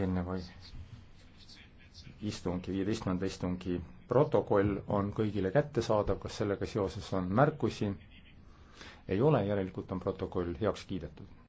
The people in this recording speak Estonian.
eelneva istungi, viieteistkümnenda istungi protokoll on kõigile kättesaadav, kas sellega seoses on märkusi? ei ole, järelikult on protokoll heaks kiidetud